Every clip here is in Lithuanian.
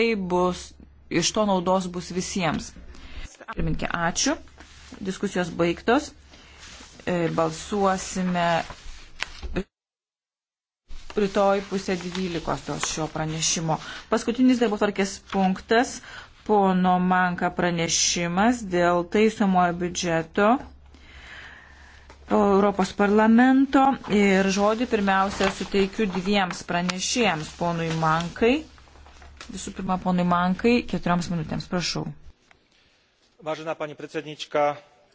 tai bus, iš to naudos bus visiems. Pirminkė, ačiū. Diskusijos baigtos. E, balsuosime rytoj pusė dvylikos dėl šio pranešimo. Paskutinis darbo tvarkės punktas - pono Manka pranešimas dėl taisomojo biudžeto Europos parlamento ir žodį pirmiausia suteikiu dviems pranešėjams - ponui Mankai. Visų pirma, ponui Mankai, keturioms minutėms, prašau. Važina, pani predsednička,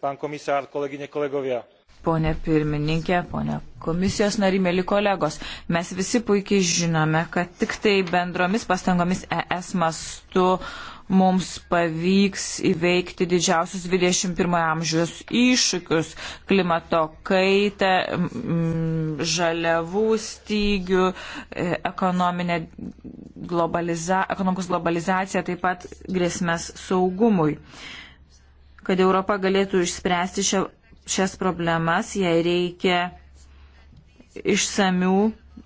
pán komisár, kolegyne, kolegovia. Pone pirmininkė, pone komisijos nari, mėly kolegos, mes visi puikiai žinome, kad tik tai bendromis pastangomis ES mastu mums pavyks įveikti didžiausius 21 amžiaus iššūkius - klimato kaitą, žaliavų stygių, e, globaliza, ekonomikos globalizaciją, taip pat grėsmės saugumui. Kad Europa galėtų išspręsti šia, šias problemas, jai reikia išsamių,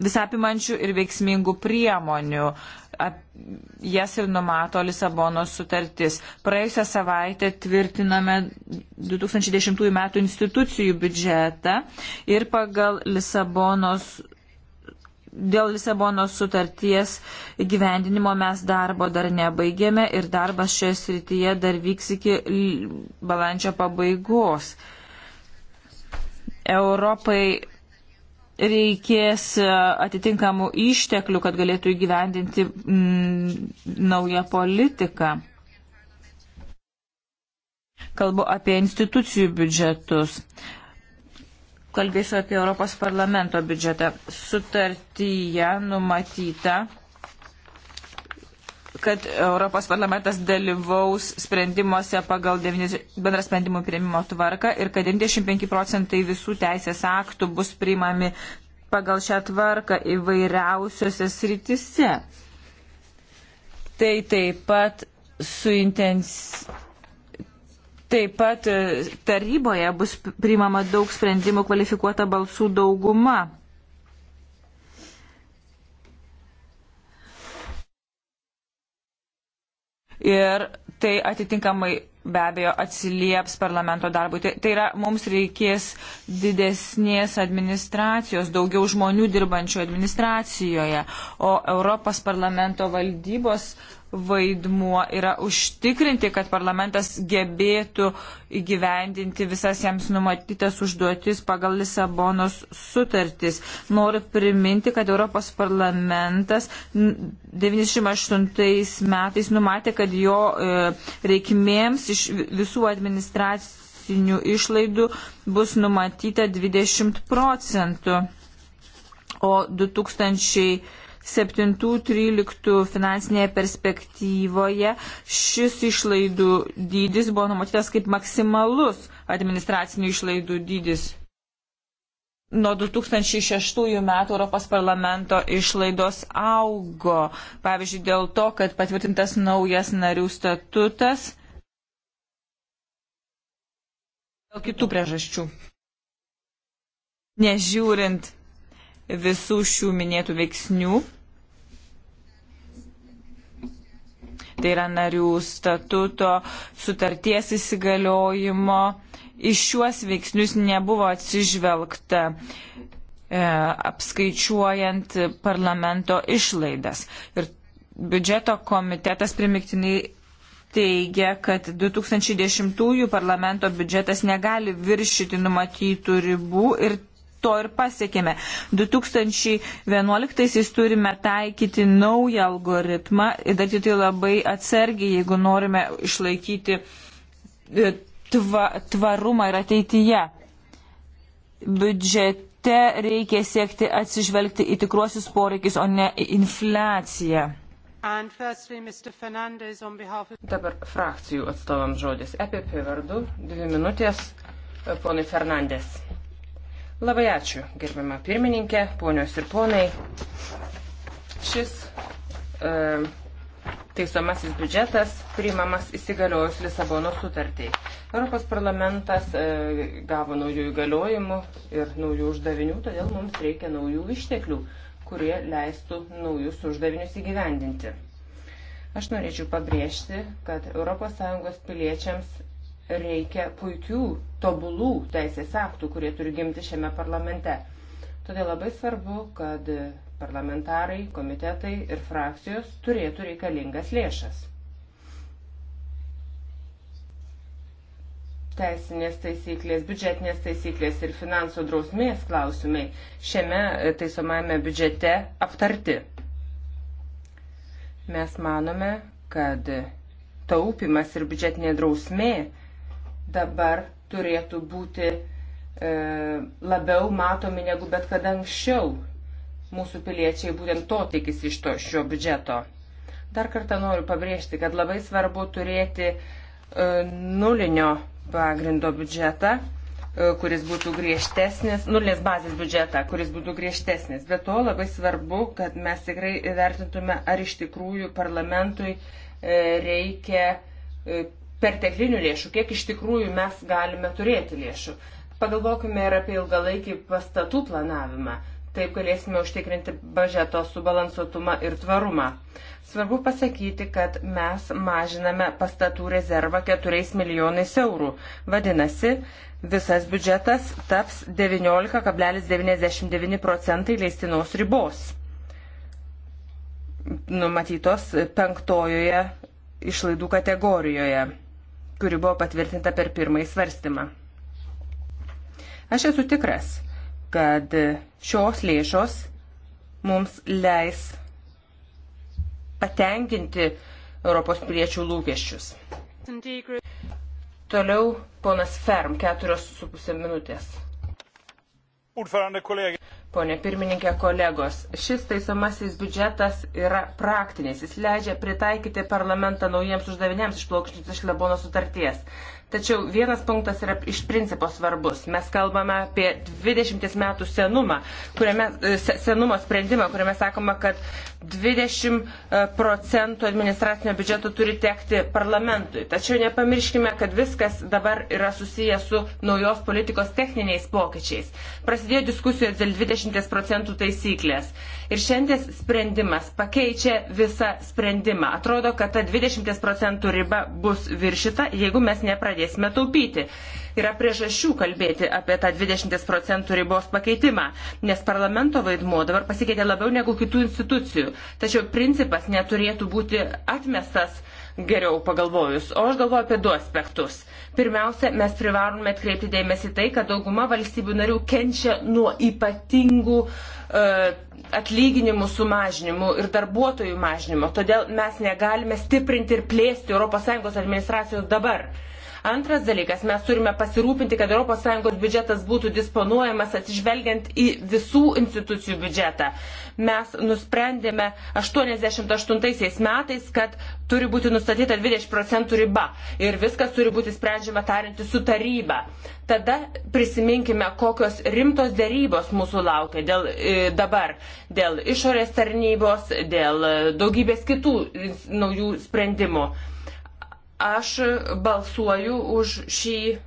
visapimančių ir veiksmingų priemonių. Ap, jas ir numato Lisabonos sutartis. Praėjusią savaitę tvirtiname 2010 m. institucijų biudžetą ir pagal Lisabonos dėl Lisabonos sutarties gyvendinimo mes darbo dar nebaigėme ir darbas šioje srityje dar vyks iki balandžio pabaigos. Europai reikės e, atitinkamų išteklių, kad galėtų įgyvendinti mm, naują politiką. Kalbu apie institucijų biudžetus. Uh, kalbėsiu apie Europos parlamento biudžetą. Sutartyje numatyta, kad Europos parlamentas dalyvaus sprendimuose pagal bendrą sprendimų prieimimo tvarką ir kad 95 procentai visų teisės aktų bus priimami pagal šią tvarką įvairiausiose sritise. Tai taip pat suintens Taip pat e, taryboje bus priimama daug sprendimų kvalifikuota balsų dauguma. Ir tai atitinkamai be abejo atsilieps parlamento darbui. Tai, tai yra, mums reikės didesnės administracijos, daugiau žmonių dirbančių administracijoje, o Europos parlamento valdybos uh, vaidmuo yra užtikrinti, kad parlamentas gebėtų įgyvendinti visas jiems numatytas užduotis pagal Lisabonos sutartis. Noriu priminti, kad Europos parlamentas 98 metais numatė, kad jo e, reikmėms iš visų administracinių išlaidų bus numatyta 20 procentų, o 2000 7-13 finansinėje perspektyvoje šis išlaidų dydis buvo numatytas kaip maksimalus administracinių išlaidų dydis. Nuo 2006 metų Europos parlamento išlaidos augo, pavyzdžiui, dėl to, kad patvirtintas naujas narių statutas, dėl kitų priežasčių. Nežiūrint visų šių minėtų veiksnių, tai yra narių statuto, sutarties įsigaliojimo. Iš šiuos veiksnius nebuvo atsižvelgta e, apskaičiuojant parlamento išlaidas. Ir biudžeto komitetas primiktinai teigia, kad 2010 parlamento biudžetas negali viršyti numatytų ribų ir to ir pasiekėme. 2011-aisiais turime taikyti naują algoritmą ir daryti tai labai atsargiai, jeigu norime išlaikyti e, tva, tvarumą ir ateityje. Biudžete reikia siekti atsižvelgti į tikruosius poreikius, o ne į infliaciją. Firstly, of... Dabar frakcijų atstovams žodis. EPP vardu, dvi minutės, e, ponai Fernandės. Labai ačiū, gerbiama pirmininkė, ponios ir ponai. Šis e, taisomasis biudžetas priimamas įsigaliojus Lisabono sutartį. Europos parlamentas e, gavo naujų įgaliojimų ir naujų uždavinių, todėl mums reikia naujų išteklių, kurie leistų naujus uždavinius įgyvendinti. Aš norėčiau pabrėžti, kad ES piliečiams reikia puikių, tobulų teisės aktų, kurie turi gimti šiame parlamente. Todėl labai svarbu, kad parlamentarai, komitetai ir frakcijos turėtų reikalingas lėšas. Teisinės taisyklės, biudžetinės taisyklės ir finansų drausmės klausimai šiame taisomame biudžete aptarti. Mes manome, kad taupimas ir biudžetinė drausmė dabar turėtų būti e, labiau matomi negu bet kada anksčiau. Mūsų piliečiai būtent to tikisi iš to šio biudžeto. Dar kartą noriu pabrėžti, kad labai svarbu turėti e, nulinio pagrindo biudžetą, e, kuris būtų griežtesnis, nulinės bazės biudžetą, kuris būtų griežtesnis. Bet to labai svarbu, kad mes tikrai vertintume, ar iš tikrųjų parlamentui e, reikia e, perteklinių lėšų, kiek iš tikrųjų mes galime turėti lėšų. Pagalvokime ir apie ilgalaikį pastatų planavimą. Taip galėsime užtikrinti bažeto subalansuotumą ir tvarumą. Svarbu pasakyti, kad mes mažiname pastatų rezervą 4 milijonais eurų. Vadinasi, visas biudžetas taps 19,99 procentai leistinos ribos. Numatytos penktojoje išlaidų kategorijoje kuri buvo patvirtinta per pirmąjį svarstymą. Aš esu tikras, kad šios lėšos mums leis patenkinti Europos piliečių lūkesčius. Toliau ponas Ferm, keturios su pusė minutės. Ordförande, kolegi. Pone pirmininkė, kolegos, šis taisomasis biudžetas yra praktinis. Jis leidžia pritaikyti parlamentą naujiems uždaviniams išplaukštinti iš Labono sutarties. Tačiau vienas punktas yra iš principo svarbus. Mes kalbame apie 20 metų senumą, kuriame, e, senumo sprendimą, kuriame sakoma, kad 20 e, procentų administracinio biudžeto turi tekti parlamentui. Tačiau nepamirškime, kad viskas dabar yra susiję su naujos politikos techniniais pokyčiais. Prasidėjo diskusijos dėl 20 procentų taisyklės. Ir šiandien sprendimas pakeičia visą sprendimą. Atrodo, kad ta 20 procentų riba bus viršita, jeigu mes nepradėsime pradėsime taupyti. Yra priežasčių kalbėti apie tą 20 procentų ribos pakeitimą, nes parlamento vaidmuo dabar pasikeitė labiau negu kitų institucijų. Tačiau principas neturėtų būti atmestas geriau pagalvojus. O aš galvoju apie du aspektus. Pirmiausia, mes privalome atkreipti dėmesį tai, kad dauguma valstybių narių kenčia nuo ypatingų uh, atlyginimų sumažinimų ir darbuotojų mažinimo. Todėl mes negalime stiprinti ir plėsti ES administracijos dabar. Uh, Antras dalykas, mes turime pasirūpinti, kad ES biudžetas būtų disponuojamas atsižvelgiant į visų institucijų biudžetą. Mes nusprendėme 88 metais, kad turi būti nustatyta 20 procentų riba ir viskas turi būti sprendžiama tarinti su taryba. Tada prisiminkime, kokios rimtos dėrybos mūsų laukia dėl, e, dabar, dėl išorės tarnybos, dėl daugybės kitų naujų sprendimų. Aš balsuoju už šį e,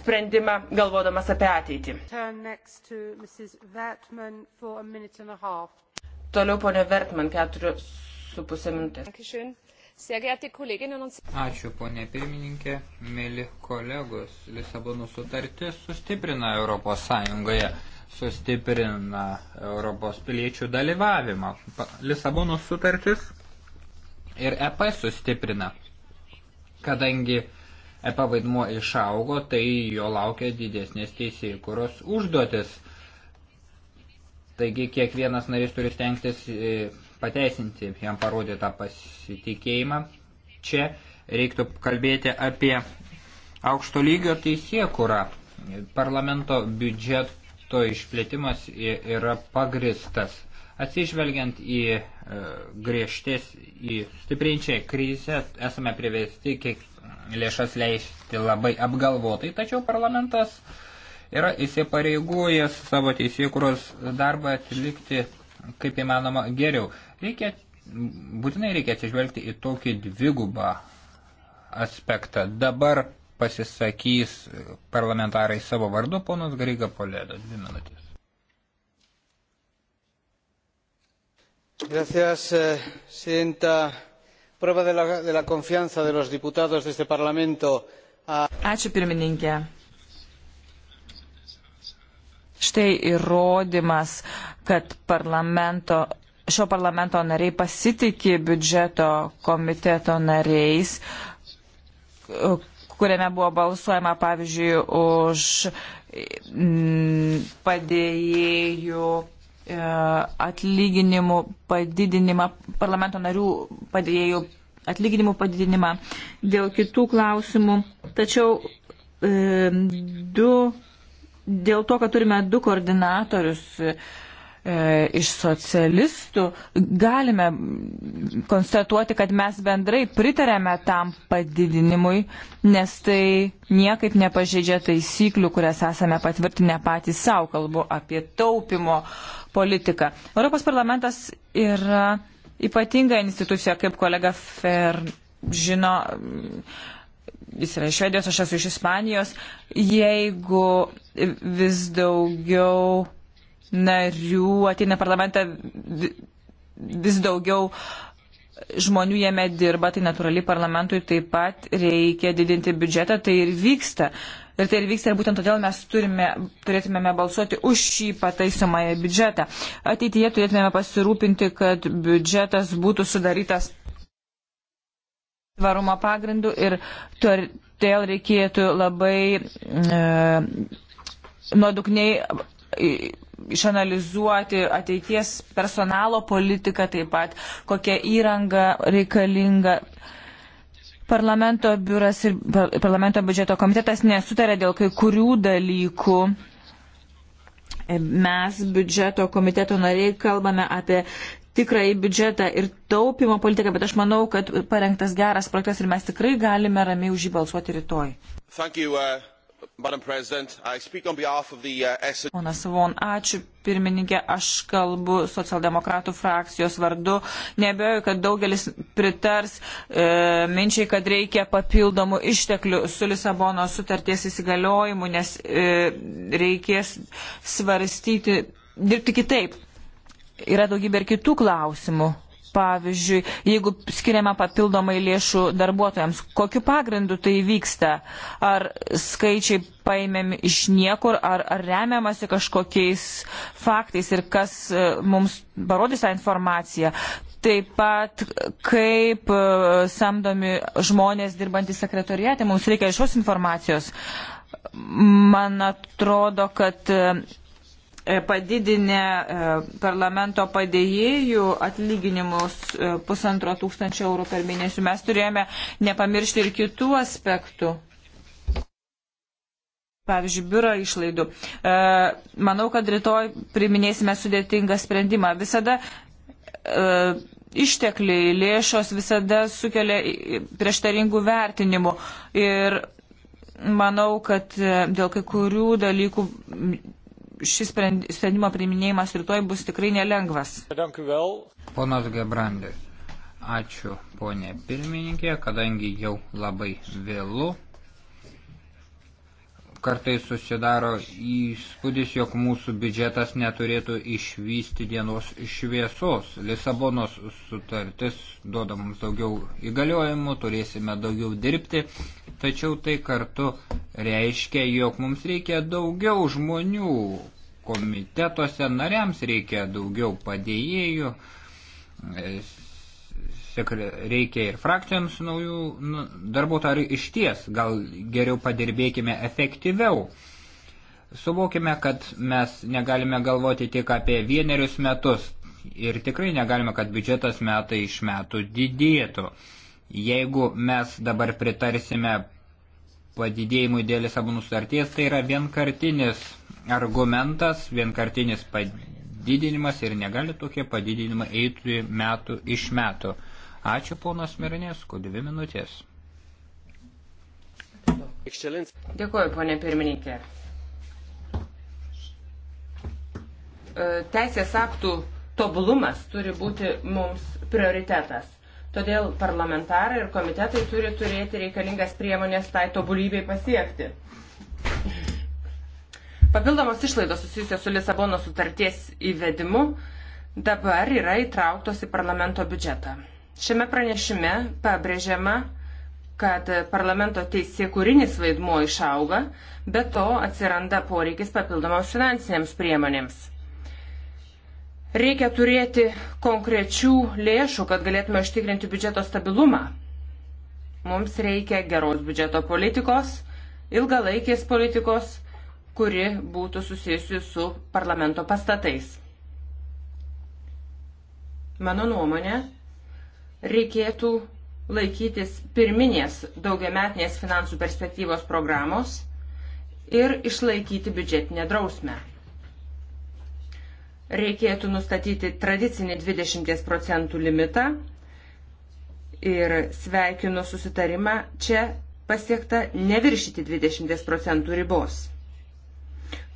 sprendimą, galvodamas apie ateitį. Toliau ponio Vertman, keturios su pusė minutės. Ačiū, ponė pirmininkė, mėly kolegos. Lisabonų sutartis sustiprina Europos Sąjungoje, sustiprina Europos piliečių dalyvavimą. Lisabonų sutartis ir EP sustiprina. Kadangi EP vaidmuo išaugo, tai jo laukia didesnės teisėjų kuros užduotis. Taigi kiekvienas narys turi stengtis e, pateisinti jam parodytą pasitikėjimą. Čia reiktų kalbėti apie aukšto lygio teisėkurą. Parlamento biudžeto išplėtimas yra pagristas. Atsižvelgiant į e, griežtės, į stiprinčią krizę, esame privesti kiek lėšas leisti labai apgalvotai, tačiau parlamentas yra įsipareigojęs savo teisėkuros darbą atlikti kaip įmanoma geriau. Reikia, būtinai reikia atsižvelgti į tokį dvigubą aspektą. Dabar pasisakys parlamentarai savo vardu, ponas Gariga Polėdo, dvi minutės. señora eh, presidenta prueba de la confianza de los diputados de este parlamento a. ačiū pirmininke štai įrodymas kad parlamento šio parlamento nariai pasitiki biudžeto komiteto nariais kuriame buvo balsuojama pavyzdžiui už mm, padėjėjų E, atlyginimų padidinimą, parlamento narių padėjėjų atlyginimų padidinimą, dėl kitų klausimų. Tačiau e, du, dėl to, kad turime du koordinatorius e, iš socialistų, galime konstatuoti, kad mes bendrai pritarėme tam padidinimui, nes tai niekaip nepažeidžia taisyklių, kurias esame patvirtinę patys savo, kalbu apie taupimo uh, politiką. Europos parlamentas yra ypatinga institucija, kaip kolega Fer žino, jis yra iš Švedijos, aš esu iš Ispanijos. Jeigu vis daugiau narių ateina parlamentą, vis daugiau žmonių jame dirba, tai natūraliai parlamentui taip pat reikia didinti biudžetą, tai ir vyksta. Uh, Ir tai ir vyksta ir būtent todėl mes turime, turėtumėme balsuoti už šį pataisomąją biudžetą. Ateityje turėtumėme pasirūpinti, kad biudžetas būtų sudarytas tvarumo pagrindų ir todėl reikėtų labai e, nuodugniai e, išanalizuoti ateities personalo politiką taip pat, kokia įranga reikalinga. E, Parlamento biuras ir parlamento biudžeto komitetas nesutarė dėl kai kurių dalykų. Mes biudžeto komiteto nariai kalbame apie tikrąjį biudžetą ir taupimo politiką, bet aš manau, kad parengtas geras projektas ir mes tikrai galime ramiai už jį balsuoti rytoj. Thank you, uh... Uh, Ponas Von, ačiū pirmininkė, aš kalbu socialdemokratų frakcijos vardu. Nebejoju, kad daugelis pritars e, minčiai, kad reikia papildomų išteklių su Lisabono sutarties įsigaliojimu, nes e, reikės svarstyti, dirbti kitaip. Yra daugybė ir kitų klausimų pavyzdžiui, jeigu skiriama papildomai lėšų darbuotojams, kokiu pagrindu tai vyksta? Ar skaičiai paėmėm iš niekur, ar, ar remiamasi kažkokiais faktais ir kas e, mums parodys tą informaciją? Taip pat, kaip e, samdomi žmonės dirbantys sekretoriate, mums reikia šios informacijos. Man atrodo, kad e, E, padidinę e, parlamento padėjėjų atlyginimus e, pusantro tūkstančio eurų per mėnesį. Mes turėjome nepamiršti ir kitų aspektų. Pavyzdžiui, biuro išlaidų. Manau, kad rytoj priminėsime sudėtingą sprendimą. Visada ištekliai, lėšos visada sukelia prieštaringų vertinimų. Ir manau, kad dėl kai kurių dalykų šis sprendimo priiminėjimas rytoj bus tikrai nelengvas. Ponas Gebrandė, ačiū ponė pirmininkė, kadangi jau labai vėlu, kartai susidaro įspūdis, jog mūsų biudžetas neturėtų išvysti dienos šviesos. Lisabonos sutartis duoda mums daugiau įgaliojimų, turėsime daugiau dirbti, tačiau tai kartu reiškia, jog mums reikia daugiau žmonių. Komitetuose nariams reikia daugiau padėjėjų, reikia ir frakcijoms naujų nu, darbuotojų, ar iš ties gal geriau padirbėkime efektyviau. Suvokime, kad mes negalime galvoti tik apie vienerius metus ir tikrai negalime, kad biudžetas metai iš metų didėtų. Jeigu mes dabar pritarsime padidėjimui dėl Lisabonų sutarties, tai yra vienkartinis argumentas, vienkartinis padidinimas ir negali tokie padidinimai eiti metų iš metų. Ačiū ponas Mirinėsku, dvi minutės. Dėkuoju, ponė pirmininkė. E, teisės aktų tobulumas turi būti mums prioritetas. Todėl parlamentarai ir komitetai turi turėti reikalingas priemonės tai tobulybei pasiekti. Papildomos išlaidos susijusios su Lisabono sutarties įvedimu dabar yra įtrauktos į parlamento biudžetą. Šiame pranešime pabrėžiama, kad parlamento teisėkūrinis vaidmuo išauga, bet to atsiranda poreikis papildomoms finansinėms priemonėms. Reikia turėti konkrečių lėšų, kad galėtume užtikrinti biudžeto stabilumą. Mums reikia geros biudžeto politikos, ilgalaikės politikos, kuri būtų susijusi su parlamento pastatais. Mano nuomonė, reikėtų laikytis pirminės daugiametinės finansų perspektyvos programos ir išlaikyti biudžetinę drausmę. Reikėtų nustatyti tradicinį 20 procentų limitą ir sveikinu susitarimą čia pasiekta neviršyti 20 procentų ribos.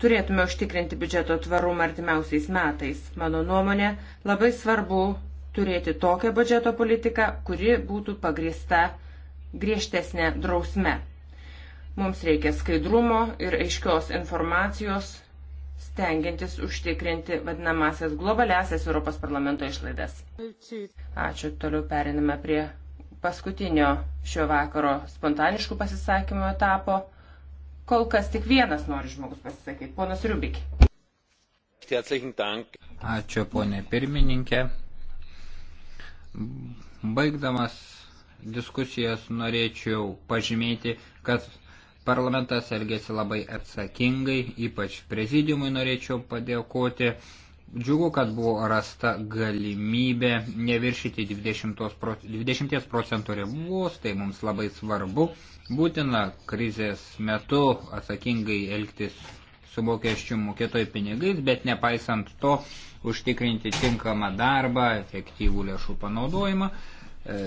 Turėtume užtikrinti biudžeto tvarumą artimiausiais metais. Mano nuomonė, labai svarbu turėti tokią biudžeto politiką, kuri būtų pagrista griežtesnė drausme. Mums reikia skaidrumo ir aiškios informacijos, stengiantis užtikrinti vadinamasias globalesias Europos parlamento išlaidas. Ačiū, toliau periname prie paskutinio šio vakaro spontaniškų pasisakymų etapo. Kol kas tik vienas nori žmogus pasisakyti, ponas Rubik. Ačiū, ponė pirmininkė. Baigdamas diskusijas norėčiau pažymėti, kad parlamentas elgėsi labai atsakingai, ypač prezidiumui norėčiau padėkoti. Džiugu, kad buvo rasta galimybė neviršyti 20 procentų ribos, tai mums labai svarbu. Būtina krizės metu atsakingai elgtis su mokesčių mokėtojų pinigais, bet nepaisant to užtikrinti tinkamą darbą, efektyvų lėšų panaudojimą. E,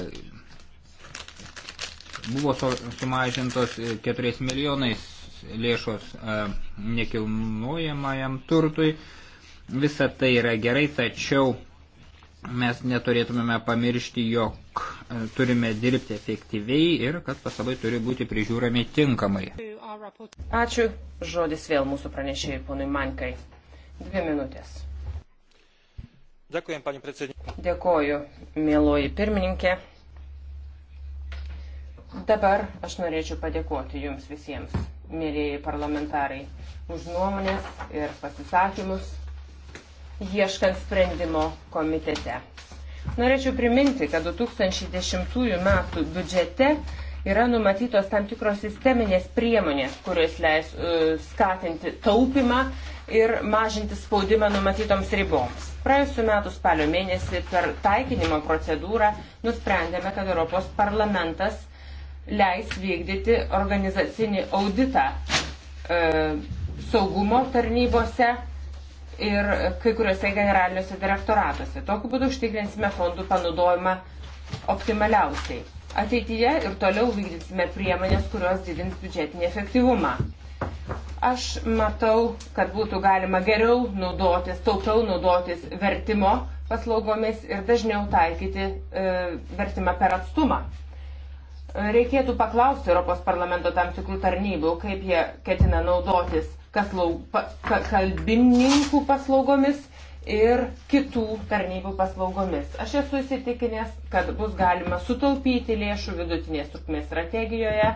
buvo sumažintos 4 e, milijonais lėšos e, nekilnojamajam turtui. Visa tai yra gerai, tačiau mes neturėtumėme pamiršti, jog turime dirbti efektyviai ir kad pasabai turi būti prižiūrami tinkamai. Ačiū. Žodis vėl mūsų pranešėjai ponui Mankai. Dvi minutės. Dėkuojam, panė predsedininkė. Dėkoju, mėloji pirmininkė. Dabar aš norėčiau padėkoti Jums visiems, mėlyjeji parlamentarai, už nuomonės ir pasisakymus ieškant sprendimo komitete. Norėčiau priminti, kad 2010 m. biudžete Yra numatytos tam tikros sisteminės priemonės, kurios leis uh, skatinti taupimą ir mažinti spaudimą numatytoms riboms. Praėjusiu metu spalio mėnesį per taikinimo procedūrą nusprendėme, kad Europos parlamentas leis vykdyti organizacinį auditą uh, saugumo tarnybose ir kai kuriuose generaliniuose direktoratuose. Tokiu būdu užtikrinsime fondų panaudojimą optimaliausiai. Ateityje ir toliau vykdysime priemonės, kurios didins biudžetinį efektyvumą. Aš matau, kad būtų galima geriau naudotis, taupiau naudotis vertimo paslaugomis ir dažniau taikyti e, vertimą per atstumą. Reikėtų paklausti Europos parlamento tam tikrų tarnybų, kaip jie ketina naudotis kaslaug, pa, ka, kalbininkų paslaugomis ir kitų tarnybų paslaugomis. Aš esu įsitikinęs, kad bus galima sutaupyti lėšų vidutinės trukmės strategijoje,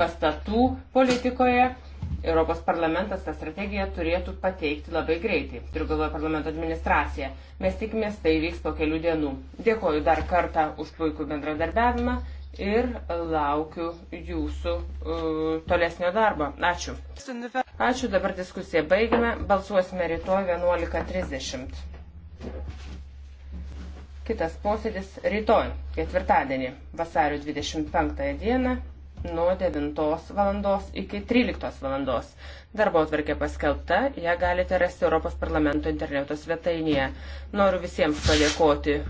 pastatų politikoje. Europos parlamentas tą strategiją turėtų pateikti labai greitai. Turiu galvoje parlamento administraciją. Mes tikimės, tai vyks po kelių dienų. Dėkoju dar kartą už puikų bendradarbiavimą ir laukiu jūsų uh, tolesnio darbo. Ačiū. Ačiū, dabar diskusiją baigime. Balsuosime rytoj 11.30. Kitas posėdis rytoj, ketvirtadienį, vasario 25 dieną, nuo 9 val. iki 13 val. Darbo atvarkė paskelbta, ją galite rasti Europos parlamento interneto svetainėje. Noriu visiems padėkoti.